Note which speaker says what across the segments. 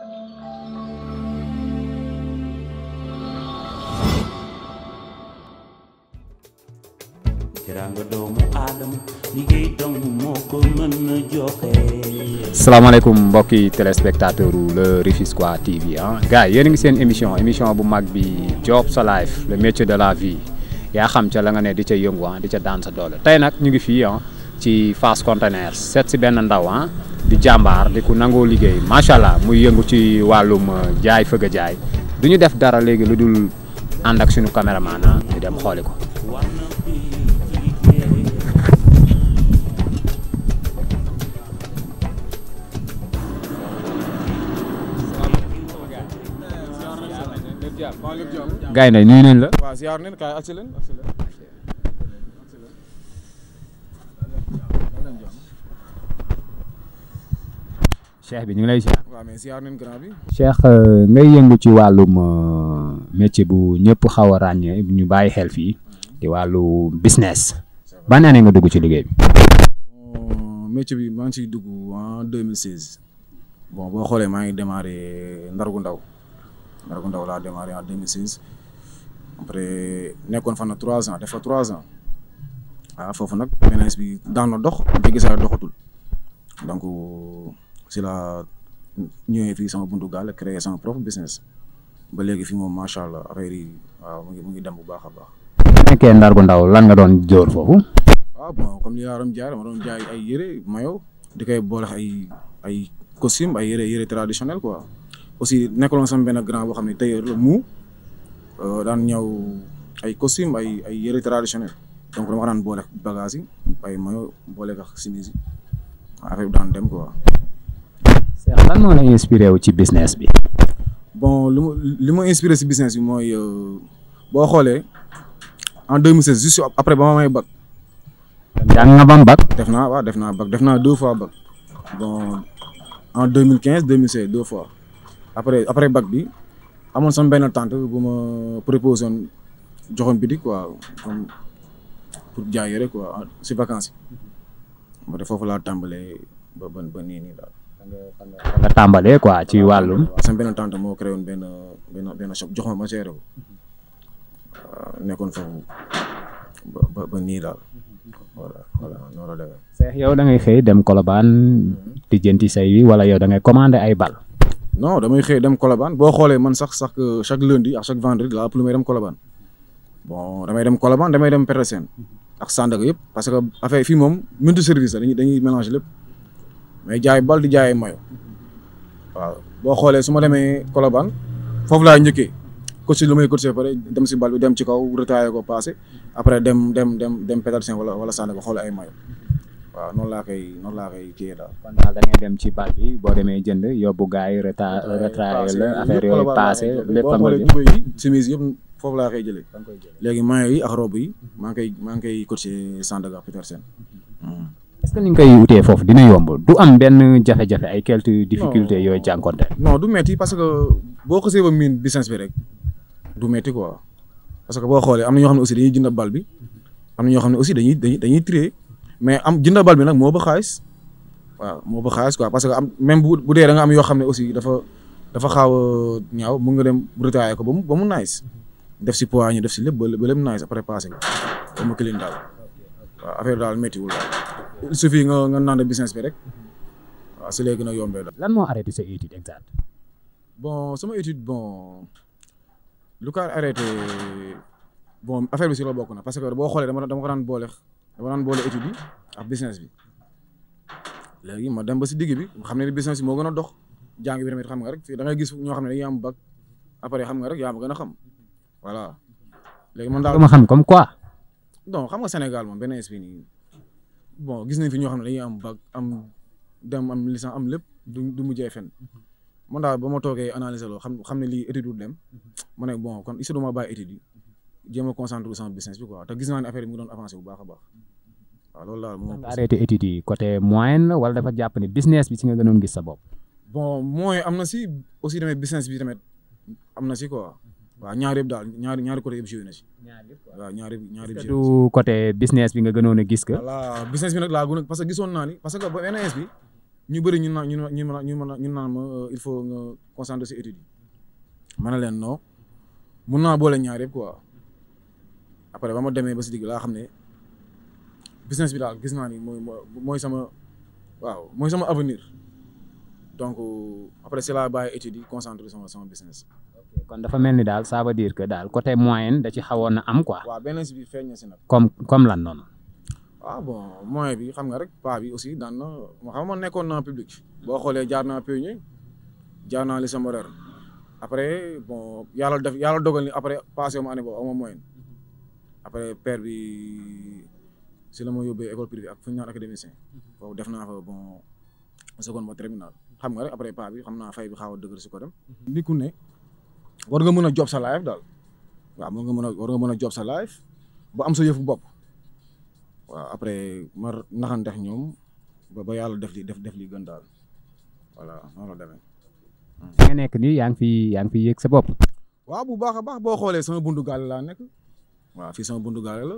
Speaker 1: jëranga doomu aadama liggéey dong moo ko mën a mbokki téléspectateur le Rufisquois TV ah gars a ngi seen émission émission bu mag bi Job sa life le métier de la vie yaa xam ca la nga ne di ca yëngu ah di ca daan sa tey nag ñu ngi fii ah, ci Fass Containers seet si benn ndaw ah, di jàmbaar di ku nangoo liggéey macha allah muy yëngu ci wàllum euh, jaay fëgg jaay du ñu def dara léegi lu dul ànd ak suñu caméraman ah, ñu dem xooli ko.
Speaker 2: gaay na nuyu la.
Speaker 1: cheikh bi ñu ngi lay ziar.
Speaker 2: waaw si ziar nañ
Speaker 1: grand bi. cheikh euh, ngay yëngu ci wàllum euh, métier bu ñëpp xaw a ràññee ñu bàyyi xel fii di wàllu business ban année nga dugg ci liggéey bi.
Speaker 2: métier bi maa ngi ciy dugg en 2016 bon boo xoolee maa ngi démarré ndargu ndaw ndargu ndaw laa démarré en 2016 après nekkoon fan na trois ans def fa trois ans waaw ah, foofu nag ménage bi daan dox bu fekkee doxatul donc. si la ñëwee fii sama buntu gaal créer sama propre business ba léegi fi moom macha allah affaire yi waaw mu ngi dem bu baax a baax.
Speaker 1: nekkee ndar gu ndaw lan nga doon jóor foofu.
Speaker 2: waaw ah, bon comme li nga doon jaay ma doon jaay ay yére mayo di koy ay ay costume ay yére yére traditionnel quoi aussi nekkaloon sama benn grand boo xam ne tailleur la mu euh, daan ñëw ay costume ay ay yére traditionnel donc dama ko daan boole bagage yi ay mayo boole ak simis yi affaire bi daan dem quoi. Cheikh
Speaker 1: lan moo la inspiré wu ci business bi.
Speaker 2: bon lu ma li ma inspiré si business bi mooy euh, boo xoolee en 2016 juste après ba ma may bac. jàng nga bam bac. def naa waaw def naa bac def naa deux fois bac bon en 2015 2016 deux fois après après bac bi amoon sama benn tante bu ma proposé woon joxoon bitik quoi comme pour jaay rek quoi si vacances yi. moo mm-hmm. tax foofu laa tàmbalee ba ba nii nii daal.
Speaker 1: nga tàmbalee quoi ci wàllum.
Speaker 2: sama benn tante moo créé woon benn benn benn shop jox ma ma géré nekkoon foofu ba ba nii daal voilà voilà noonu
Speaker 1: yow da ngay xëy dem Colobane di jënti say yi wala yow da ngay commandé ay bal.
Speaker 2: non damay xëy dem Colobane boo xoolee man sax sax euh, chaque lundi ak chaque vendredi laa ëpp lu may dem Colobane bon damay dem Colobane damay dem per Petersen ak Sandaga yëpp parce que affaire fi moom multi service la dañuy dañuy mélanger lépp. mais jaay bal di jaay mayo waaw boo xoolee su ma demee Colobane foofu laay njëkkee course lu may course pare dem si bal dem ci kaw retaillé ko passé après dem dem dem dem Petersen wala wala sànni ko xool ay mayo
Speaker 1: waaw noonu laa koy noon laa koy kii daal. daal da ngay dem ci bal bi boo demee jënd yóbbu gars yi reta retraillé la affaire yooyu passé lépp boo xoolee tubéy yi
Speaker 2: chemise yëpp foofu laa koy jëlee léegi mayo yi ak robe yi maa ngi koy maa ngi koy course Sandaga seen est ni
Speaker 1: nga koy utee foofu dina yomb du am benn jafe-jafe ay quelques difficultés yooyu jànkonte non
Speaker 2: du metti parce que boo xasee ba miin business bi rek du metti quoi parce que boo xoolee am na ñoo xam ne aussi dañuy jënd bal bi am na ñoo xam ne aussi dañuy dañuy dañuy trier mais am jënd bal bi nag moo ba xaalis waaw moo ba xaalis quoi parce que am même bu bu dee da nga am yoo xam ne aussi dafa dafa xaaw ñaaw mun nga dem retailler ko ba mu ba mu nice def si poids ñu def si lépp ba lépp nice après passé ko ba mu clean daal waaw affaire daal méttiwul daal. il suffit nga nga naan business bi rek waaw si léegi nag yombee la. lan moo arrêté sa étude exact bon sama étude bon lu ko arrêté bon affaire bi si la bokk na parce que boo xoolee dama dama ko daan boole daan boole étude bi ak business bi léegi ma dem ba si digg bi xam ne business bi moo gën a dox jàng bi tamit xam nga rek fii da ngay gis ñoo xam ne dañuy am bac après xam nga rek yaa ma gën a xam voilà. léegi man daal ma xam comme quoi. donc xam nga Sénégal moom benn esprit bon gis nañ fi ñoo xam ne dañuy am bac am dem am licence am lépp du du mujjee fenn mm-hmm. man daal ba ma toogee analyser loo xam xam ne lii étude du dem mm-hmm. ma ne bon kon il faut ma bàyyi étude yi mm-hmm. jéem a concentré sama business bi quoi te gis naa ne affaire bi mu ngi doon avancé bu baax a baax waaw loolu daal moom. arrêté études
Speaker 1: yi côté moyen la wala dafa jàpp ne business bi si nga gënoon gis sa bopp.
Speaker 2: bon moyen am na si aussi tamit business bi tamit am na si quoi. waaw ñaar yëpp daal ñaari ñaari côté yëpp joué na si. ñaar
Speaker 1: côté business bi nga gënoon a gis. voilà
Speaker 2: business bi nag laa gën a parce que gisoon naa que ba NS bi ñu bëri ñun ñu ñu ñu ñu naan ma euh, il faut nga concentrer si études yi. ma ne leen non mun naa boole ñaar yëpp après ba ma demee ba si digg laa xam ne business bi daal gis naa ni mooy mooy sama waaw mooy sama avenir donc euh, après c'est la bàyyi études yi concentrer sama sama business.
Speaker 1: kon dafa mel ni daal saaba diir dire que daal côté moyen da ci xawoon na am quoi.
Speaker 2: waaw benn si bi feeñ na si nag.
Speaker 1: comme comme lan
Speaker 2: noonu. waaw ah bon moyen bi xam nga rek paa bi aussi daan na ma xam ma nekkoon naa public. boo xoolee jaar naa pionnier jaar naa lycée moderne après bon yàlla def yàlla dogal ni après passé ma année boobu amoo moyen après père bi si la ma yóbbee école privée ak fu ñu naan académicien def naa fa bon seconde ba terminal xam nga rek après paa bi xam naa fay bi xaw a dëgër si ko dem. war nga mën a job sa life daal waaw war nga mën a war nga mën a job sa life ba am sa yëfu bopp waaw après ma naxantex ñoom ba ba yàlla def li def def li gën daal voilà noonu la demee. Hmm.
Speaker 1: nga nekk nii yaa ngi fi yaa ngi fi yëg sa bopp.
Speaker 2: waaw bu baax a baax boo xoolee sama bundu gaale laa nekk waaw fii sama bundu gaale la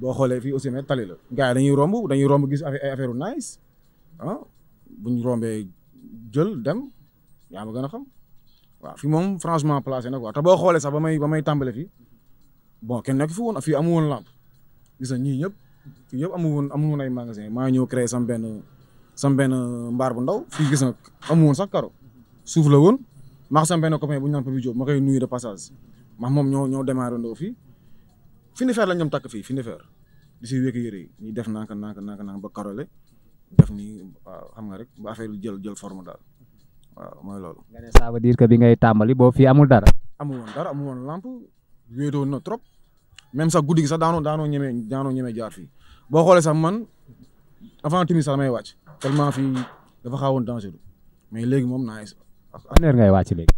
Speaker 2: boo xoolee fii aussi mais tali la gars yi dañuy romb dañuy romb gis ay affaire nice ah buñ ñu rombee jël dem yaa ma gën a xam. waaw fi moom franchement placé na quoi te boo xoolee sax ba may tàmbale fi bon kenn nekk fi woon fii amu woon lampe gis nga ñii ñëpp fii ñëpp amu woon amu woon ay magasin maa ñëw créé sam benn sam benn mbaar bu ndaw fii gis nga amu woon sax karo suuf la woon maa sam benn copain bu ñu naan Papi Diop ma koy nuyu de passage max moom ñoo ñoo démarré ndoo fii fi ni fer la ñoom takk fii fi ni fer di si wékki yére yi ñuy def nanka nanka nanka nanka ba karole def ni xam nga rek ba affaire jël jël forme daal waaw mooy loolu. nga ne ça
Speaker 1: que bi ngay tàmbali boo fi amul dara.
Speaker 2: amul woon dara amul woon lamp wéetoon na trop même sax guddi gi sax daanoo daanoo ñeme daanoo ñeme jaar fii boo xoolee sax man avant timis sax may wàcc tellement fii dafa xaawoon dangereux mais léegi moom naa ngi. ban heure ngay wàcc léegi.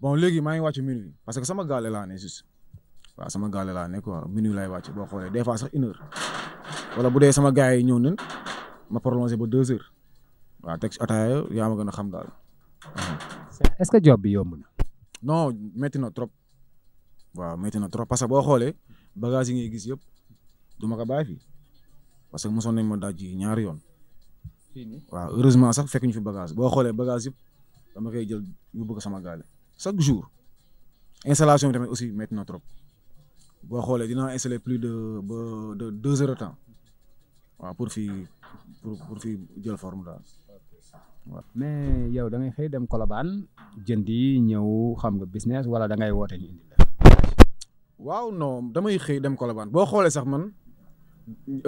Speaker 2: bon léegi maa ngi wàcc minuit parce que sama gaale laa ne juste waaw sama gaale laa ne quoi minuit laay wàcc boo xoolee des fois sax une wala bu dee sama gars yi ñëw nañ ma prolongé ba deux heures waaw teg ci ataaya yaa ma gën a xam daal. est-ce que job bi yomb na. non métti na trop. waaw métti na trop parce que boo xoolee bagage yi ngay gis yëpp du ma ko bàyyi fii parce que mosoon nañ ma daaj ji ñaari yoon.
Speaker 3: waaw heureusement sax fekk fi
Speaker 2: bagage boo xoolee bagage yëpp dama koy jël bugg ko sama gaale chaque jour installation bi tamit aussi métti na trop boo xoolee dinaa installer plus de ba de deux heures de temps waaw pour fii pour pour fii jël forme daal.
Speaker 1: mais yow da ngay xëy dem kolobaan jënd yi ñëw xam nga business wala da ngay woote ñu indi
Speaker 2: waaw non damay xëy dem Colobane boo xoolee sax man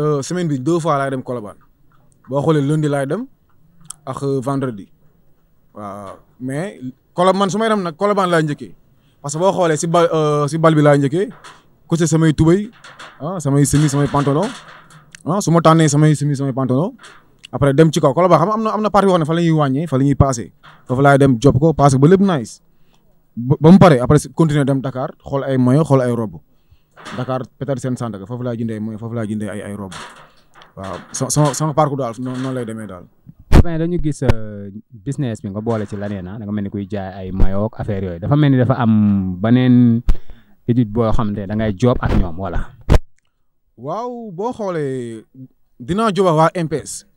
Speaker 2: euh, semaine bi deux fois laay dem Colobane boo xoolee lundi laay dem ak euh, vendredi waaw mais Colobane man su may dem nag Colobane laa njëkkee parce que boo xoolee si bal euh, si bal bi laa njëkkee côté samay tubay ah samay semis samay pantalon ah su ma samay semis samay pantalon. après dem ci kaw kolo ba xam amna na am na parti fa lañuy wañé fa lañuy passé dem job ko passé ba lepp nice ba mu pare après continuer dem Dakar xol ay moyo xol ay rob Dakar peut-être seen Sandaga foofu jindé jëndee moyo foofu laay jindé ay ay rob waaw sama sama parcours dal non lay démé dal
Speaker 1: ben dañu gis euh, business bi nga bolé ci leneen na, nga melni kuy jaay ay mayo ak affaire yoy dafa melni dafa am beneen edit bo xamné da ngay job ak ñom wala.
Speaker 2: waaw bo xolé dina job wa waa MPS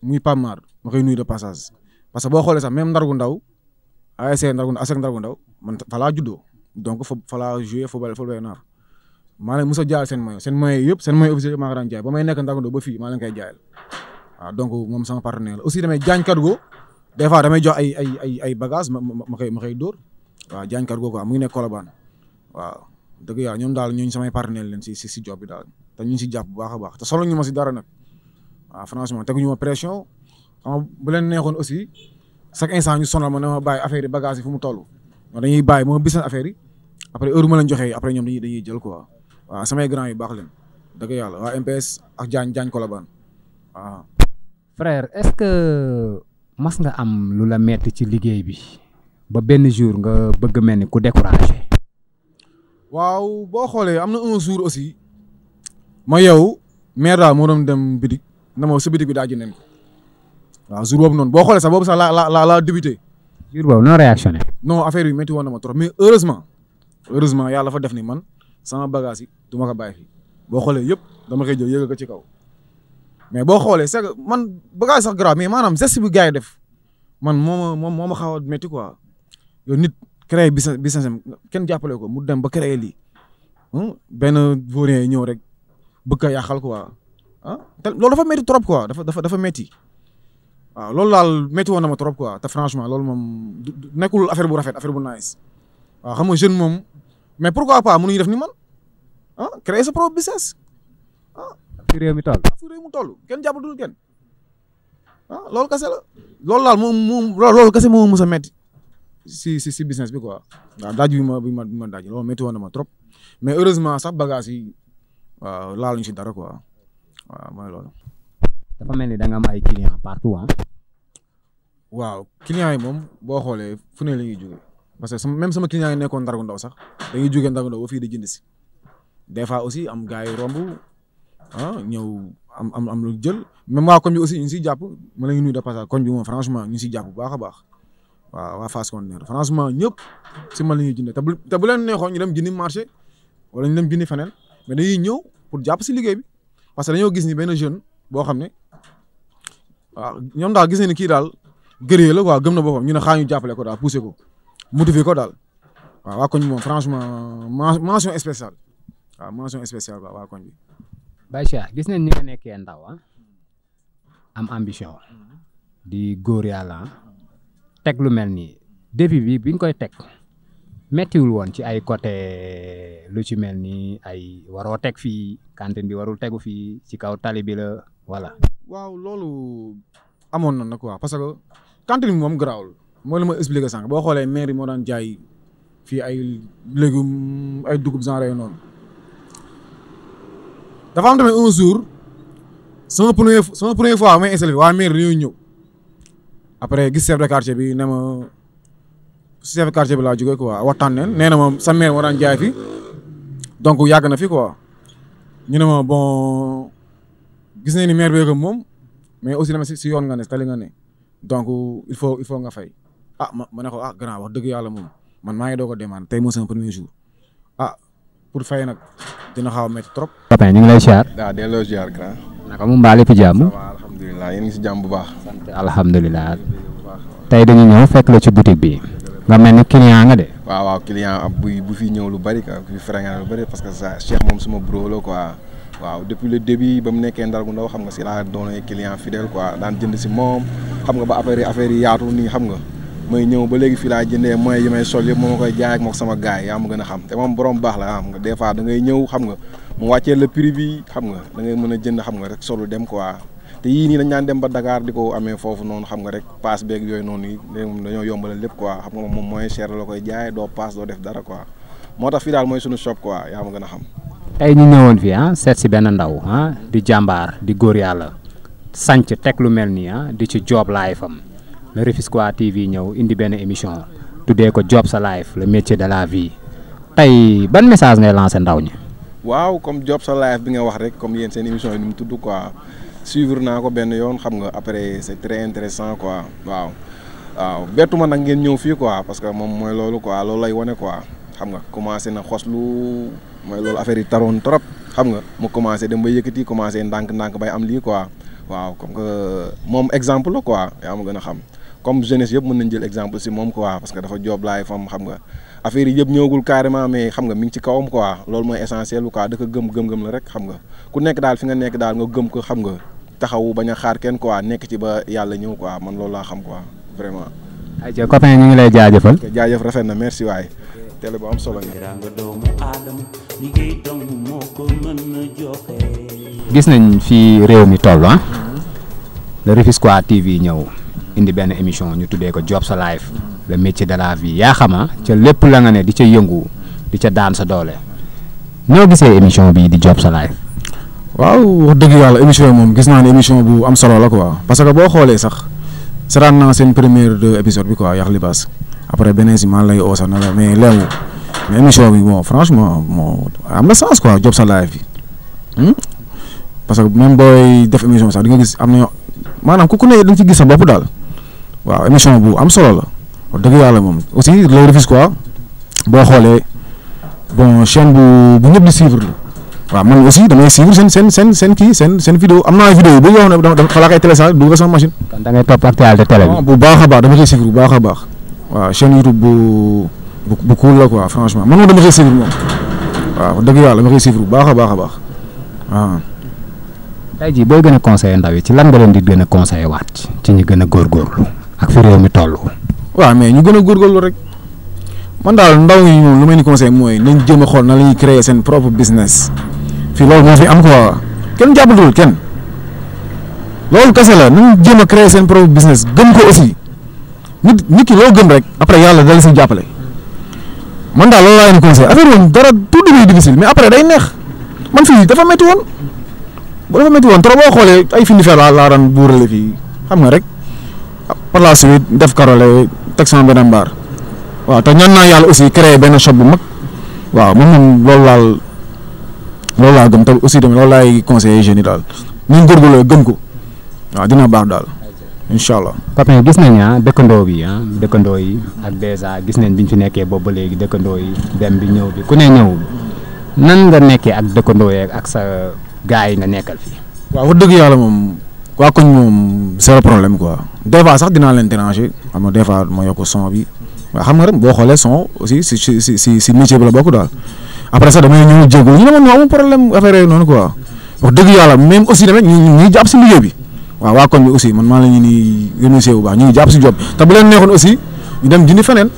Speaker 2: muy Pamar ma koy nuyu de passage parce que boo xoolee sax même ndargu ndaw ASC ndargu ndaw ASC ndargu ndaw man fa laa juddoo donc fa fa laa joué football football naar maa leen mos a jaayal seen maillot seen maillot yëpp seen maillot officiel maa ko daan jaay ba may nekk ndargu ndaw ba fii maa leen koy jaayal waaw donc moom sama partenaire la aussi damay jaañ cargo des fois damay jox ay ay ay ay bagages ma ma ma koy ma koy dóor waaw jaañ cargo quoi mu ngi nekk Colobane waaw dëgg yàlla ñoom daal ñooñu samay partenaire leen si si si job bi daal te ñu ngi si jàpp bu baax a baax te solo ñu ma si dara nag waaw ah, franchement teguñu ma pression xam bu leen neexoon aussi chaque instant ñu sonal ma ne ma bàyyi affaire yi bagage yi fu mu toll. dañuy bàyyi ma bisan affaire yi après heure ma leen joxee après ñoom dañuy dañuy jël quoi waaw ah, samay grand yi baax leen dëgg yàlla waa MPS ak Diagne Diagne Colobane waaw. Ah.
Speaker 1: frère est-ce que mas nga am lu la metti ci liggéey bi ba benn
Speaker 2: jour nga bëgg mel ni ku découragé. waaw boo xoolee am na un jour aussi ma yow maire daal moo doon dem bidig na ma sa bitik bi daaju nañ ko waaw jour boobu noonu boo xoole sax boob sax la la la la débuté. jour boobu non réactionné. non affaire bi métti woon na ma trop mais heureusement heureusement yàlla dafa def ni man sama bagage yi du ma ko bàyyi boo xoolee yëpp dama koy jël yëgal ko ci kaw mais boo xoolee c'est man bagage sax grave mais maanaam geste bi gars yi def man moo moom moo ma xaw a métti quoi yow nit créé business business am kenn jàppale ko mu dem ba créé lii hmm? benn vaurien yi ñëw rek bëgg a yàqal quoi. ah te loolu dafa métti trop quoi dafa dafa dafa métti waaw loolu laal métti woon na ma trop quoi te franchement loolu moom nekkul affaire bu rafet affaire bu nice waaw xam nga jeune moom mais pourquoi pas mënuñu def ni man ah créer sa propre business ah. fi réew mi toll. Ah, fi réew mu toll kenn jàppatul kenn loolu kese loolu daal moom moom loolu kese moo moom a métti si si business bi quoi waaw daaj bi ma bi ma bi ma daaj loolu métti woon trop mais heureusement sax bagage yi waaw laal ñu si dara quoi. Ah, waaw mooy loolu. dafa mel ni da nga am ay
Speaker 1: client partout ah.
Speaker 2: waaw client yi moom boo xoolee fu ne la ñuy jóge parce que sama même sama client yi nekkoon Ndargu Ndaw sax dañuy jóge Ndargu Ndaw ba fii di jënd si des fois aussi am gars yi romb ah ñëw am am am lu jël même waa koñ bi aussi ñu ngi siy jàpp ma la ñu nuyu de passage koñ bi moom franchement ñu ngi siy jàpp bu baax a baax waaw waa Fass Conteneur franchement ñëpp si man la ñuy jëndee te bu te bu leen neexoon ñu dem jëndi marché wala ñu dem jëndi feneen mais dañuy ñëw pour jàpp si liggéey bi. parce que dañoo gis ni benn jeune boo xam ne ñoom daal gis ne ni kii daal gëree la quoi gëm na boppam ñu ne xaa ñu jàppale ko daal poussé ko motiver ko daal waaw waa koñ bi moom franchement mention spéciale waaw mention spéciale waaw waa koñ bi.
Speaker 1: Bachia gis nañ ni nga nekkee ndaw ah
Speaker 2: am ambition
Speaker 1: di góor yàlla ah, teg lu mel ni début bi bi nga koy teg. méttiwul woon ci ay côté lu ci mel ni ay waroo teg fii cantine bi waru tegu fii ci kaw tali bi la voilà.
Speaker 2: waaw loolu amoon na nag quoi parce que cantine bi moom garaawul mooy ma expliqué sànq boo xoolee mairie moo daan jaay fii ay légumes ay dugub genre yooyu noonu dafa am tamit un jour sama premier sama première fois may installé waa mairie dañoo ñëw après gis de quartier bi ne chef quartier bi laa jógee quoi waxtaan neen nee na ma sa mère moo daan jaay fi donc yàgg na fi quoi ñu ne ma bon gis nañ ni maire beegam moom mais aussi dama si si yoon nga ne tali nga ne donc il nga fay ah ma ma ne ko ah grand wax dëgg yàlla moom man maa ngi doog a demande tey mooy sama premier jour ah pour fay nag dina xaw a métti trop.
Speaker 1: papa ñu ngi lay ziar.
Speaker 3: daa delloo ziar grand.
Speaker 1: naka mu mbaa lépp jàmm.
Speaker 3: ça si jàmm bu baax. alhamdulilah.
Speaker 1: tey ñëw fekk la ci boutique bi. nga mel ni client nga de.
Speaker 3: waaw waaw client am buy bu fi ñëw lu bari quoi bu fi fréquent lu bari parce que ça Cheikh moom suma bro la quoi. waaw depuis le début ba mu nekkee ndar gu ndaw xam nga si laa doonee client fidèle quoi daan jënd si moom xam nga ba affaire yi yaatu nii xam nga may ñëw ba léegi fii laa jëndee mooy yi may sol yëpp moo ma koy jaay ak mook sama gars yaa ma gën a xam te moom borom baax la xam nga des fois dangay ngay ñëw xam nga mu wàccee le prix bi xam nga da ngay a jënd xam nga rek solu dem quoi te yii nii dañ daan dem ba Dakar di ko amee foofu noonu xam nga rek paas beeg yooyu noonu yi dañoo yombalal lépp quoi xam nga moom moyen cher la koy jaay doo paas doo def dara quoi moo tax fii daal mooy suñu shop quoi yaa ma gën a xam.
Speaker 1: tey ñu ñëwoon fii ah seet si benn ndaw ah di jàmbaar di góor yàlla sànc teg lu mel nii ah, di ci job life am le Rufisquois TV ñëw indi benn émission tuddee ko job sa life le métier de la vie tey ban message ngay lancé ndaw ñi.
Speaker 3: waaw comme job sa bi nga wax rek comme yéen seen émission yi mu tudd quoi. suivre naa ko benn yoon xam nga après c'est très intéressant quoi waaw waaw bettu nak ngeen ñew fi quoi parce que mom moy lolu quoi lolu lay woné quoi xam nga commencé na xoslu moy lolu affaire yi taroon trop xam nga mu commencé dem ba yëkëti commencé ndank ndank bay am li quoi waaw comme que mom exemple la quoi yaa ma gën xam comme jeunesse yëpp mën nañ jël exemple ci mom quoi parce que dafa job laay fam xam nga affaire yi yëpp ñëwagul carrément mais xam nga mi ngi ci kawam quoi loolu mooy essentiel bu quoi da ko gëm gëm-gëm la rek xam nga ku nekk daal fi nga nekk daal nga gëm ko xam nga taxawu bañ xaar kenn quoi nekk ci ba yàlla ñëw quoi man loolu laa xam quoi vraiment. ayca copain ñu lay jaajëfal. jaajëf rafet na merci waay. télé bu am solo
Speaker 1: gis nañ fi réew mi toll la ah. le Rufisquois TV ñëw indi benn émission ñu tuddee ko Job sa Life. le métier de la vie yaa xama ah, ca lépp la nga ne di ca yëngu di ca daan sa doole
Speaker 2: noo gisee émission bi di Job sa Life waaw dëgg yàlla émission moom gis naa ne émission bu am solo la quoi parce que boo xoolee sax saraan naa seen première deux épisode bi quoi Yakhli Bass après beneen si maa lay oo sax na la mais léegi mais émission bi bon franchement bon am na sens quoi Job sa Life bi hmm? parce que même booy def émission sax di nga gis am na maanaam ku ku ne dañ ci gis sa bopp daal waaw émission bu am solo la. wax dëgg yàlla moom aussi loolu Rufisque quoi boo xoolee bon chaîne bu bu ñëpp di suivre waaw man aussi damay suivre seen seen seen seen kii seen seen vidéo am na ay vidéo yu bëri yoo xam ne dafa dafa laaj ay télécharge du ko sama machine. kon topp actualité télé bi. bu baax a baax dama koy suivre bu baax a baax waaw chaîne YouTube bu bu bu cool ko quoi franchement man moom dama koy suivre moom waaw wax dëgg yàlla dama koy suivre bu baax a baax a baax waaw. tey jii booy gën a conseillé ndaw yi ci lan nga leen di gën a conseillé
Speaker 1: waat ci ñu gën a góorgóorlu ak fi réew mi toll.
Speaker 2: waaw mais ñu gën a góorgóorlu rek man daal ndaw yi ñoom lu may ni conseil mooy nañ jéem a xool na la créer seen propre business fii loolu moo fi am quoi kenn jàppatul kenn loolu kese la nañ jéem a créer seen propre business gëm ko aussi nit nit ki loo gëm rek après yàlla dala si jàppale man daal loolu laa leen conseil affaire woon dara tout début difficile mais après day neex man fii dafa métti woon bu dafa métti woon trop boo xoolee ay findi fer laa daan buurale fii xam nga rek par la suite def karole teg sama beneen waaw te ñaan naa yàlla aussi créer benn shop bu mag waaw man moom loolu laal loolu laa gëm te aussi tamit loolu laay conseiller jeunes yi daal nañ góorgóorloo gëm ko waaw dina baax daal.
Speaker 1: incha allah Papin gis nañ ah dëkkandoo bi ah dëkkandoo yi ak dèjà gis nañ bi ñu fi nekkee boobu ba léegi dëkkandoo yi dem bi ñëw bi ku ne ñëw nan nga nekkee ak dëkkandoo yeeg ak sa gars yi nga nekkal fii.
Speaker 2: waaw wax dëgg yàlla moom waa koñ moom zéro problème quoi des fois sax dinaa leen déranger xam des fois ma yokk son bi waaw xam nga rek boo xoolee son aussi si si si si si métier bi la bokk daal après sax damay ñëw jéego ñu ne man amul problème affaire yooyu noonu quoi wax dëgg yàlla même aussi ñu ñu jàpp si liggéey bi waaw waa koñ bi aussi man maa la ñu ni bu baax ñu jàpp si job te bu leen neexoon aussi ñu dem jindi feneen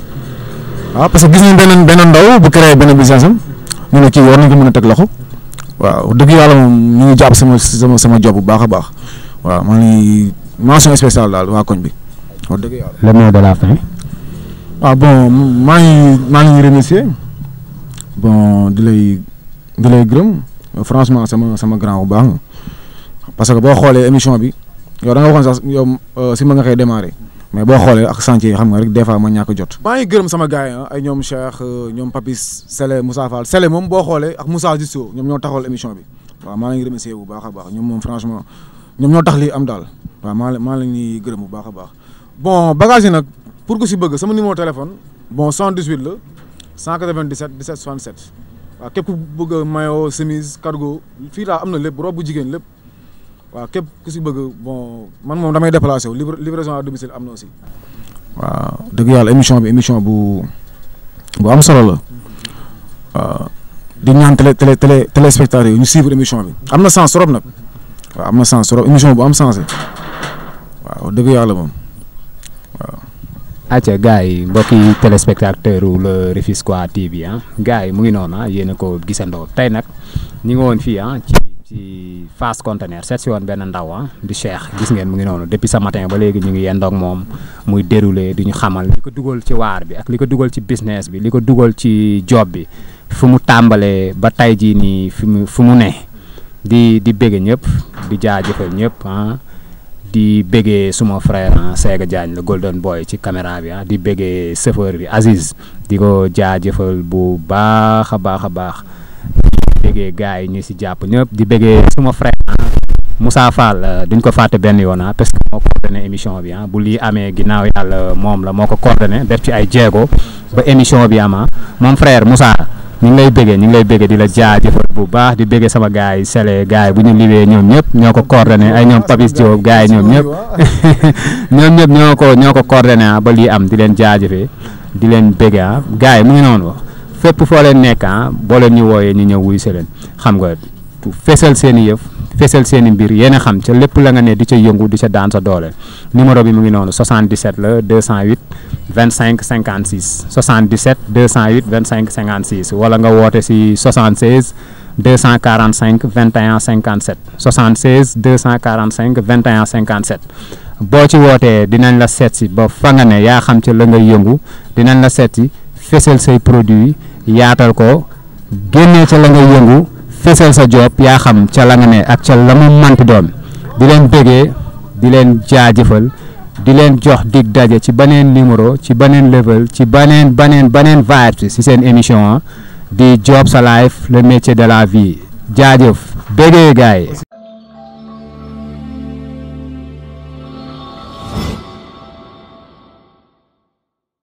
Speaker 2: waaw parce que gis nañ beneen beneen ndaw bu créé benn business am ñu ne kii war nañ ko mën a teg loxo waaw dëgg yàlla moom ñu ngi jàpp sama sama sama job bu baax a baax waaw maa ngi mention spéciale daal waa koñ bi wax dëgg yàlla. le mot de la fin. waaw ah, bon maa ngi maa ngi remercier bon di lay di lay gërëm franchement sama sama grand bu baax nga parce que boo xoolee émission bi yow da nga waxoon sax yow euh, si ma nga koy démarrer. mais boo xoolee ak chantier yi xam nga rek des fois ma ñàkk jot. maa ngi gërëm sama gars ay ñoom Cheikh euh, ñoom Papis Sele Moussa Fall Sele moom boo xoolee ak Moussa Jusso ñoom ñoo taxawal émission bi waaw maa ngi remercier bu baax a ñoom moom franchement ñoom ñoo tax lii am daal waaw maa maa la ñuy gërëm bu baax a baax bon bagage nag pour ku si bëgg sama numéro téléphone bon cent 118 la cent 197 17 67 waaw képp ku bëgg a maillot chemise cargo fii laa am na lépp robe bu jigéen lépp waaw képp ku si bëgg bon man moom damay déplacé wu livraison à domicile am na aussi. waa dëgg yàlla émission bi émission bu bu am solo la di ñaan télé télé télé téléspectateurs yi ñu suivre émission bi am na sens trop nag. waaw am na sens trop émission bu am sens waaw dëgg yàlla moom waaw. acca gars yi mbokki téléspectateur
Speaker 1: wu le Rufisquois quoi ah gars yi mu ngi noonu ah yéen a ko gisandoo tey nag ñu ngi woon fii ah ci ci Fass Conteneur si woon benn ndaw ah di Cheikh gis ngeen mu ngi noonu depuis ce matin ba léegi ñu ngi yendoog moom muy déroulé di ñu xamal li ko dugal ci waar bi ak li ko dugal ci business bi li ko dugal ci job bi fu mu tàmbalee ba tey jii nii fu mu fu mu ne. di di bëgge ñëpp di jaajëfal ñëpp ah di bëggee suma frère ah Sega Diagne la golden boy ci caméra bi ah. di bëggee chauffeur bi Aziz di ko jaajëfal bu baax a baax a baax di bëggee gars yi ñu si jàpp ñëpp di bëggee suma frère ah, Moussa Fall euh, duñ ko fàtte benn yoon ah parce que moo coordonné émission bi ah bu lii amee ginnaaw yàlla moom la moo ko coordonné def ci ay jéego ba émission bi ama ah. moom frère Moussa ñu ngi lay bëggee ñu ngi lay bëggee di la jaajëfal bu baax di bëggee sama gars yi sele gars yi bu ñu liwee ñoom ñëpp ñoo ko coordonné ay ñoom Papis Diop gars ñoom ñëpp ñoom ñëpp ñoo ko ñoo ko coordonné ah, ba lii am di leen jaajëfee di leen bëggee ah gars yi mu ngi noonu fépp foo leen nekk ah boo leen ñu wooyee ñu ñëw wuy si leen xam nga fesal seen i yëf fesal seen i mbir yéen a xam ca lépp la nga ne di ca yëngu di ca daan sa doole numéro bi mu ngi noonu 77 la 208 25 56 77 208 25 56 wala nga woote si 76 245 21 57 76 245 21 57. boo ci wootee dinañ la seet si ba fa nga ne yaa xam ca la nga yëngu dinañ la seet si fesal say produit yaatal ko génnee ca la nga yëngu. feseel sa job yaa xam ca la nga ne ak ca la mu manti doon di leen bëggee di leen jaajëfal di leen jox dig daje ci beneen numéro ci beneen level ci beneen beneen beneen vibe si seen émission di Job sa life le métier de la vie jaajëf bëggee gars